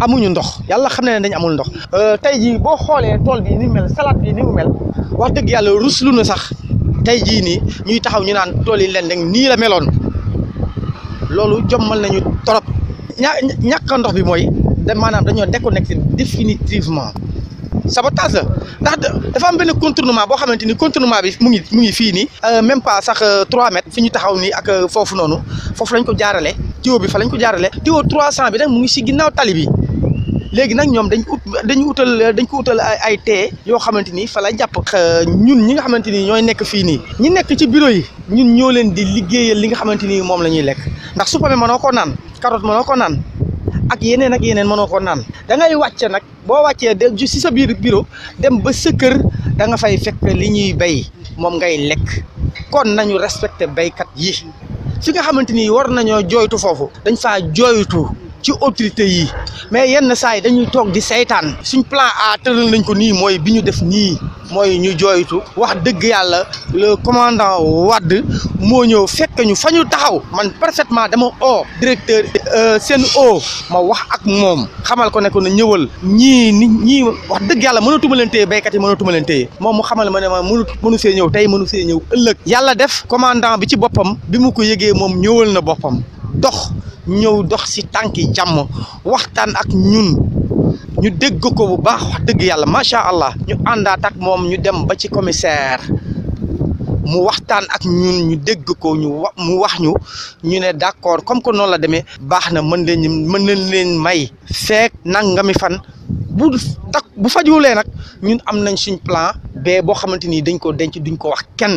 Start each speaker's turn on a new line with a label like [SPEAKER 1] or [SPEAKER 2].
[SPEAKER 1] amuñu ndox yàlla xam na ne dañ amul ndox euh, tey jii boo xoolee tool bi ni mel salade bi ni mu mel wax dëgg yàlla lu na sax tey jii nii ñuy taxaw ñu naan tool yi leen deng nii la meloon loolu jommal nañu trop ña ñàkk ndox bi mooy da maanaam dañoo déconnecté définitivement sabotage la ndax dafa am benn contournement boo xamante ni contournement bi mu ngi mu fii nii euh, même pas sax euh, trois mètres fi ñu taxaw nii ak foofu noonu foofu lañ ko jaarale tuyau bi fa lañ ko jaarale tuyau trois cent bi nag mu ngi si ginnaaw tali bi léegi nag ñoom dañ ut dañu utal dañ ko utal ay tee yoo xamante ni fa la jàpp ñun ñi nga xamante ni ñooy nekk fii nii ñi nekk ci bureau yi ñun ñoo leen di liggéeyal li nga xamante ni moom la ñuy lekk ndax supame mënoo ko naan carotte mënoo ko naan ak yeneen ak yeneen mënoo ko naan da ngay wàcce nag boo wàccee de si sa biir bureau dem ba sa kër da fay fekk li ñuy bay moom ngay lekk kon nañu respecté baykat yi fi nga xamante ni war nañoo jooytu foofu dañ faa jooytu ci autorité yi mais yenn saa yi dañuy toog di seytaan suñ plan A tëral nañ ko nii mooy bi ñu def nii mooy ñu jooytu wax dëgg yàlla le commandant Wade moo ñëw fekk ñu fa ñu taxaw man parfaitement dama oo directeur euh, seen o ma wax ak moom xamal ko ne ko na ñëwal ñii nit ñii wax dëgg yàlla mënatuma leen téye béykat yi mënatuma leen moom mu xamal ma ne ma mënu mënu see ñëw tey mënu see ñëw ëllëg yàlla def commandant bi ci boppam bi mu ko yëgee moom ñëwal na boppam dox ñëw dox si tànki jàmm waxtaan ak ñun ñu dégg ko bu baax dëgg yàlla macha allah ñu àndaat ak moom ñu dem ba ci commissaire mu waxtaan ak ñun ñu dégg ko ñu wa mu wax ñu ñu ne d'accord comme que noonu la demee baax na mën leen mën nañ leen may feek nangami fan bu dak bu fajulee nag ñun am nañ suñ plan bee boo xamante ni dañ ko denc duñ ko wax kenn